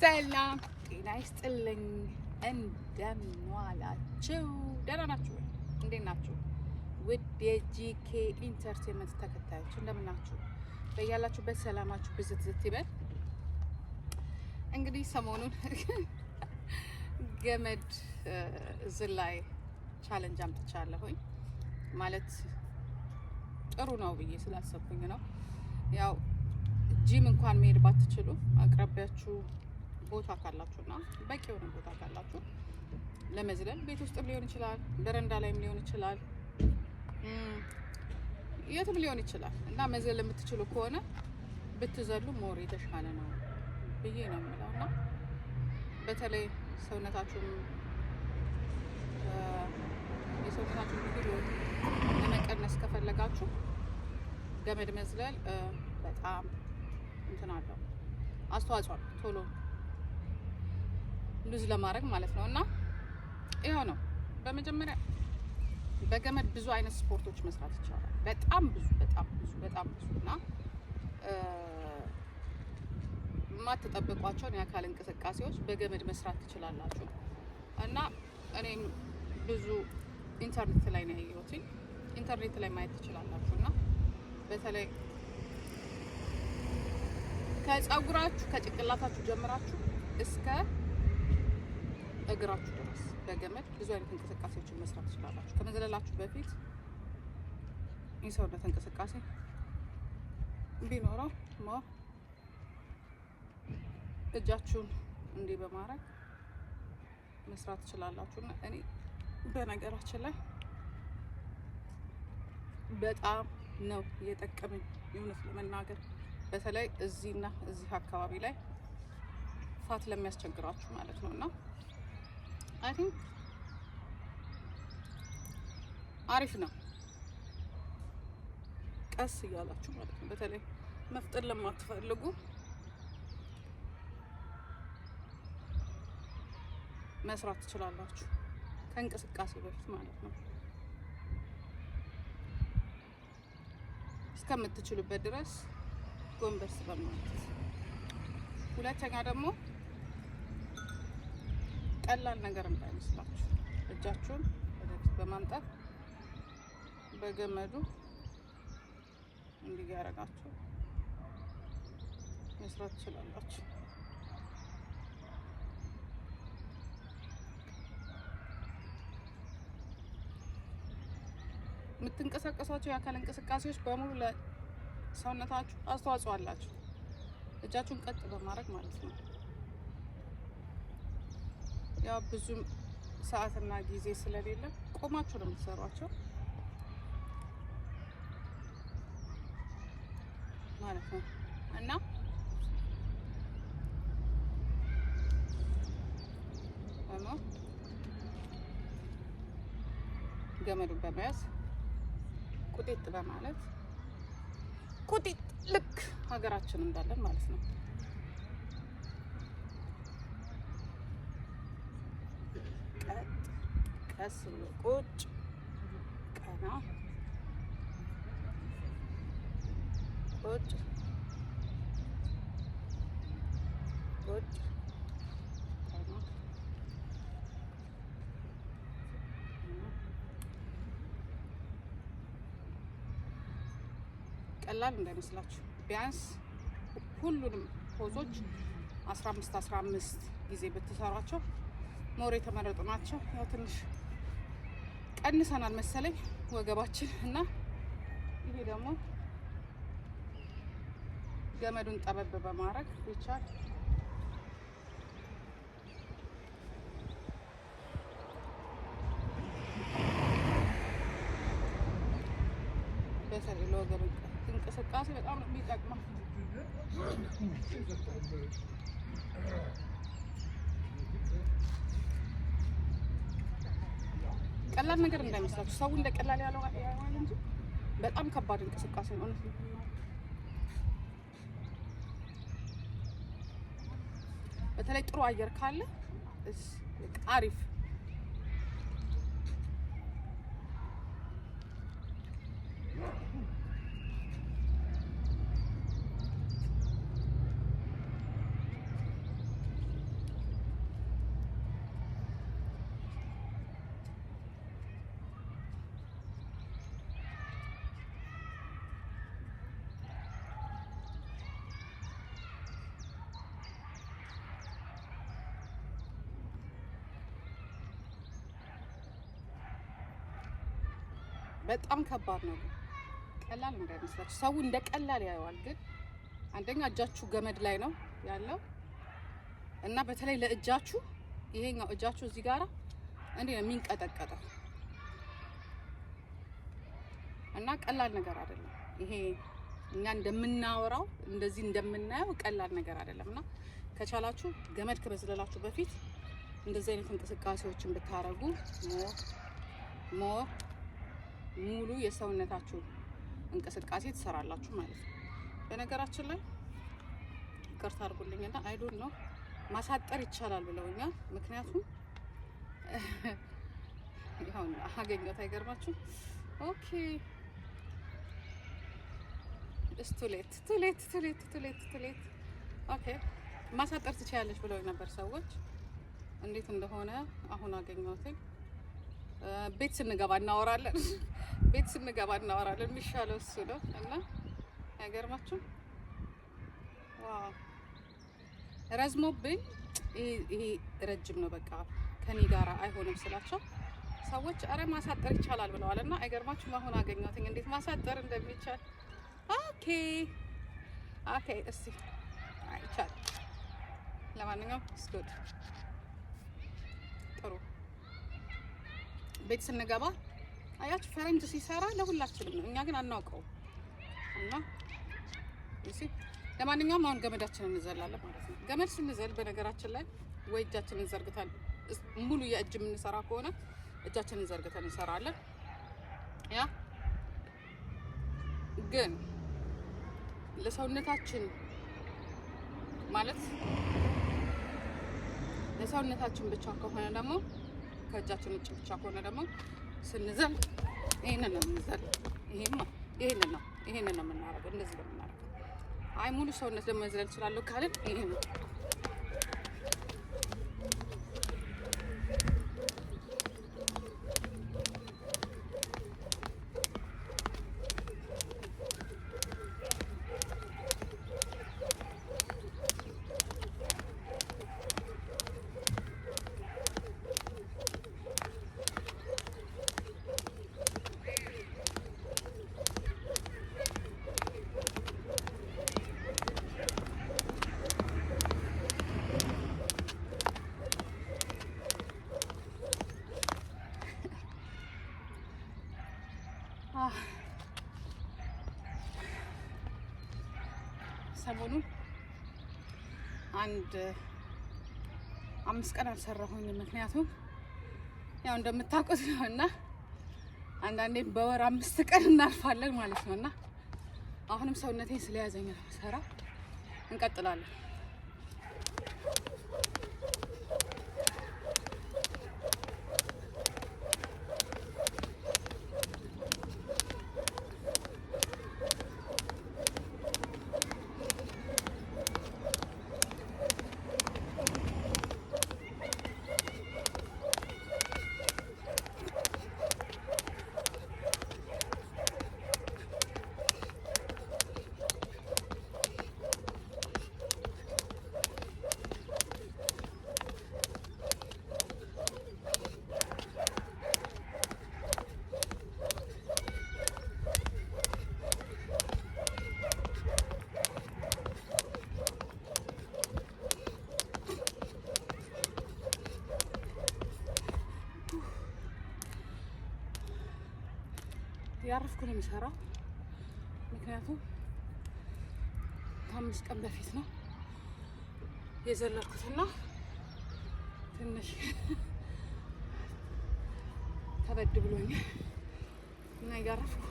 ሰላም ጤና ይስጥልኝ። እንደምንዋላችሁ ደህና ናችሁ? እንዴት ናችሁ? ውድ የጂኬ ኢንተርቴንመንት ተከታዮች እንደምናችሁ፣ በያላችሁበት ሰላማችሁ ብዝት ዝት ይበል። እንግዲህ ሰሞኑን ገመድ ዝላይ ቻለንጅ አምጥቻለሁኝ ማለት ጥሩ ነው ብዬ ስላሰብኩኝ ነው። ያው ጂም እንኳን መሄድ ባትችሉ አቅራቢያችሁ ቦታ ካላችሁና በቂ የሆነ ቦታ ካላችሁ ለመዝለል ቤት ውስጥም ሊሆን ይችላል፣ በረንዳ ላይም ሊሆን ይችላል፣ የትም ሊሆን ይችላል እና መዝለል የምትችሉ ከሆነ ብትዘሉ ሞር የተሻለ ነው ብዬ ነው የምለው እና በተለይ ሰውነታችሁን የሰውነታችሁን ክፍል ለመቀነስ ከፈለጋችሁ ገመድ መዝለል በጣም እንትን አለው አስተዋጽኦ ቶሎ ሉዝ ለማድረግ ማለት ነው። እና ይኸው ነው። በመጀመሪያ በገመድ ብዙ አይነት ስፖርቶች መስራት ይቻላል። በጣም ብዙ በጣም ብዙ በጣም ብዙ እና የማትጠብቋቸውን የአካል እንቅስቃሴዎች በገመድ መስራት ትችላላችሁ። እና እኔም ብዙ ኢንተርኔት ላይ ነው ያየሁት። ኢንተርኔት ላይ ማየት ትችላላችሁ። እና በተለይ ከጸጉራችሁ ከጭንቅላታችሁ ጀምራችሁ እስከ እግራችሁ ድረስ በገመድ ብዙ አይነት እንቅስቃሴዎችን መስራት ትችላላችሁ። ከመዘለላችሁ በፊት የሰውነት እንቅስቃሴ ቢኖረው ሞ እጃችሁን እንዲህ በማድረግ መስራት ትችላላችሁ። እና እኔ በነገራችን ላይ በጣም ነው የጠቀመኝ የእውነት ለመናገር በተለይ እዚህና እዚህ አካባቢ ላይ ፋት ለሚያስቸግራችሁ ማለት ነው እና አይ ቲንክ አሪፍ ነው። ቀስ እያላችሁ ማለት ነው። በተለይ መፍጠን ለማትፈልጉ መስራት ትችላላችሁ። ከእንቅስቃሴ በፊት ማለት ነው። እስከምትችሉበት ድረስ ጎንበስ በማለት ሁለተኛ ደግሞ ቀላል ነገር እንዳይመስላችሁ እጃችሁን ወደፊት በማምጣት በገመዱ እንዲህ ያደርጋችሁ መስራት ትችላላችሁ። የምትንቀሳቀሷቸው የአካል እንቅስቃሴዎች በሙሉ ለሰውነታችሁ አስተዋጽኦ አላችሁ። እጃችሁን ቀጥ በማድረግ ማለት ነው። ያው ብዙም ሰዓትና ጊዜ ስለሌለ ቆማችሁ ነው የምትሰሯቸው ማለት ነው እና ገመዱን በመያዝ ቁጢጥ በማለት ቁጢጥ ልክ ሀገራችን እንዳለን ማለት ነው። ቀስ ቁጭ ቀና ቁጭ ቁጭ ቀላል እንዳይመስላችሁ ቢያንስ ሁሉንም ፖዞች 15 15 ጊዜ ብትሰሯቸው ሞር የተመረጡ ናቸው። ያው ትንሽ ቀንሰናል መሰለኝ ወገባችን እና ይሄ ደግሞ ገመዱን ጠበብ በማድረግ ብቻ በተለይ ለወገብ እንቅስቃሴ በጣም ነው የሚጠቅመው። ቀላል ነገር እንዳይመስላችሁ። ሰው እንደ ቀላል ያለው እንጂ በጣም ከባድ እንቅስቃሴ ነው። በተለይ ጥሩ አየር ካለ አሪፍ በጣም ከባድ ነው። ቀላል እንዳይመስላችሁ። ሰው እንደ ቀላል ያየዋል፣ ግን አንደኛ እጃችሁ ገመድ ላይ ነው ያለው እና በተለይ ለእጃችሁ ይሄኛው እጃችሁ እዚህ ጋራ እንዴ ነው የሚንቀጠቀጠው እና ቀላል ነገር አይደለም ይሄ እኛ እንደምናወራው እንደዚህ እንደምናየው ቀላል ነገር አይደለም እና ከቻላችሁ ገመድ ከመዝለላችሁ በፊት እንደዚህ አይነት እንቅስቃሴዎችን ብታረጉ ሞር ሞር ሙሉ የሰውነታችሁን እንቅስቃሴ ትሰራላችሁ ማለት ነው። በነገራችን ላይ ይቅርታ አድርጉልኝና አይዶን ነው ማሳጠር ይቻላል ብለውኛል። ምክንያቱም ይሁን አገኘት አይገርማችሁም ኦኬ ስቱሌት ቱሌት ቱሌት ቱሌት ቱሌት ኦኬ ማሳጠር ትችላለች ብለው ነበር ሰዎች። እንዴት እንደሆነ አሁን አገኘሁትኝ። ቤት ስንገባ እናወራለን። ቤት ስንገባ እናወራለን። የሚሻለው እሱ ነው እና አይገርማችሁም? ዋው ረዝሞብኝ፣ ይሄ ረጅም ነው በቃ ከኔ ጋር አይሆንም ስላቸው ሰዎች አረ ማሳጠር ይቻላል ብለዋል። እና አይገርማችሁም? አሁን አገኘትኝ እንዴት ማሳጠር እንደሚቻል ኦኬ ኦኬ። እስቲ አይቻል። ለማንኛውም ስጎድ ጥሩ ቤት ስንገባ አያችሁ ፈረንጅ ሲሰራ ለሁላችንም ነው፣ እኛ ግን አናውቀው እና ለማንኛውም አሁን ገመዳችንን እንዘላለን ማለት ነው። ገመድ ስንዘል በነገራችን ላይ ወይ እጃችንን ዘርግተን ሙሉ የእጅ የምንሰራ ከሆነ እጃችንን ዘርግተን እንሰራለን። ያ ግን ለሰውነታችን ማለት ለሰውነታችን ብቻ ከሆነ ደግሞ ከእጃችን ውጭ ብቻ ከሆነ ደግሞ ስንዘምት ይህንን ነው የምንዘለው። ይህንን ነው ይህንን ነው የምናደርገው። እንደዚህ ነው የምናደርገው። አይ ሙሉ ሰውነት ለመዝለል እችላለሁ ካልን ይሄ ነው። ሰሞኑን አንድ አምስት ቀን አልሰራሁኝ ምክንያቱም ያው እንደምታውቁት ነውና እና አንዳንዴ በወር አምስት ቀን እናልፋለን ማለት ነውና አሁንም ሰውነቴን ስለያዘኝ ነው ሰራ እንቀጥላለን። ያረፍኩ ነው የሚሰራው። ምክንያቱም ከአምስት ቀን በፊት ነው የዘለልኩትና ትንሽ ከበድ ብሎኛል እና እያረፍኩ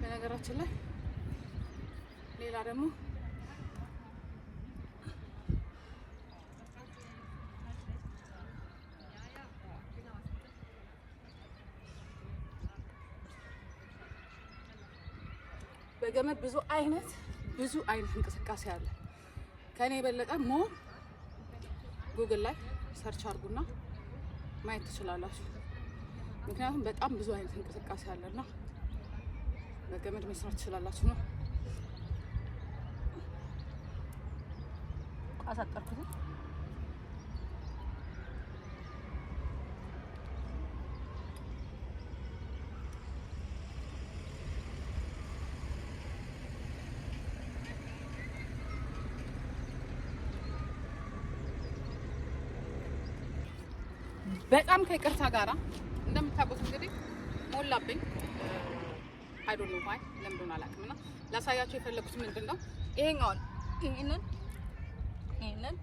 በነገራችን ላይ ሌላ ደግሞ ገመድ ብዙ አይነት ብዙ አይነት እንቅስቃሴ አለ። ከኔ የበለጠ ሞ ጉግል ላይ ሰርች አድርጉና ማየት ትችላላችሁ። ምክንያቱም በጣም ብዙ አይነት እንቅስቃሴ አለና በገመድ መስራት ትችላላችሁ ነው አሳጠርኩት። በጣም ከይቅርታ ጋራ እንደምታውቁት እንግዲህ ሞላብኝ አይዶን ነው ማይ ለምዶን አላውቅም። እና ላሳያቸው የፈለጉት ምንድን ነው ይሄኛውን ይህንን ይህንን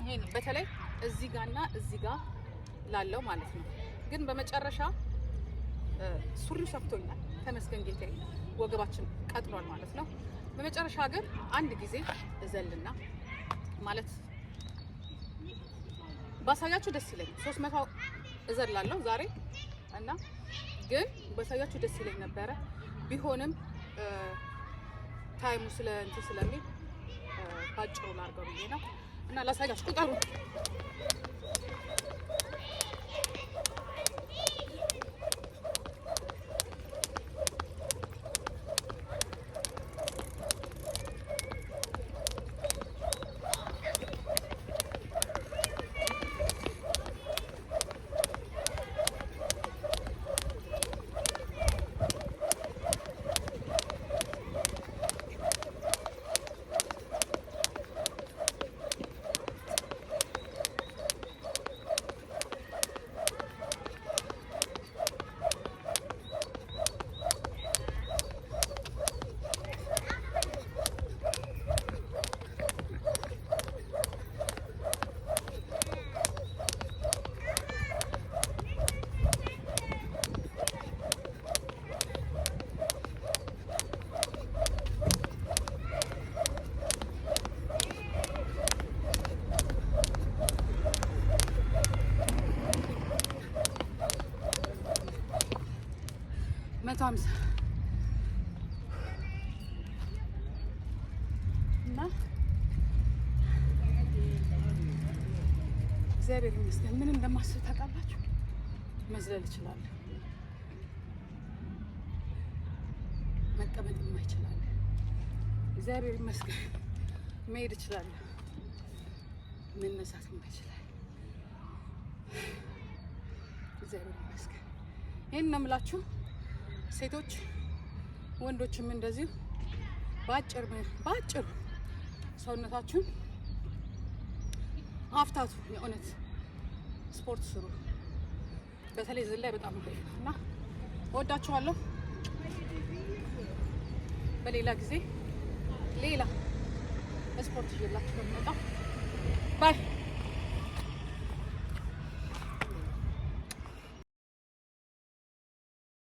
ይሄን በተለይ እዚህ ጋርና እዚህ ጋር ላለው ማለት ነው። ግን በመጨረሻ ሱሪው ሰፍቶኛል፣ ተመስገን ጌታዬ። ወገባችን ቀጥሏል ማለት ነው። በመጨረሻ ግን አንድ ጊዜ እዘልና ማለት ባሳያችሁ ደስ ይለኝ። ሶስት መቶ እዘላለሁ ዛሬ እና ግን ባሳያችሁ ደስ ይለኝ ነበረ። ቢሆንም ታይሙ ስለ እንትን ስለሚል ባጭሩ ላድርገው ብዬ ነው እና ላሳያችሁ ቁጠሩ ሀምሳ እና እግዚአብሔር ይመስገን ምን እንደማስብ ታውቃላችሁ? መዝለል እችላለሁ። መቀመጥ እግዚአብሔር ይመስገን መሄድ እችላለሁ። መነሳት እችላለሁ። እግዚአብሔር ይመስገን። ይህን ነው የምላችሁ። ሴቶች ወንዶችም እንደዚሁ በአጭር ባጭር ሰውነታችሁን አፍታቱ። የእውነት ስፖርት ስሩ። በተለይ ዝላይ በጣም ነው እና እወዳችኋለሁ። በሌላ ጊዜ ሌላ ስፖርት ይዤላችሁ በመጣ ባይ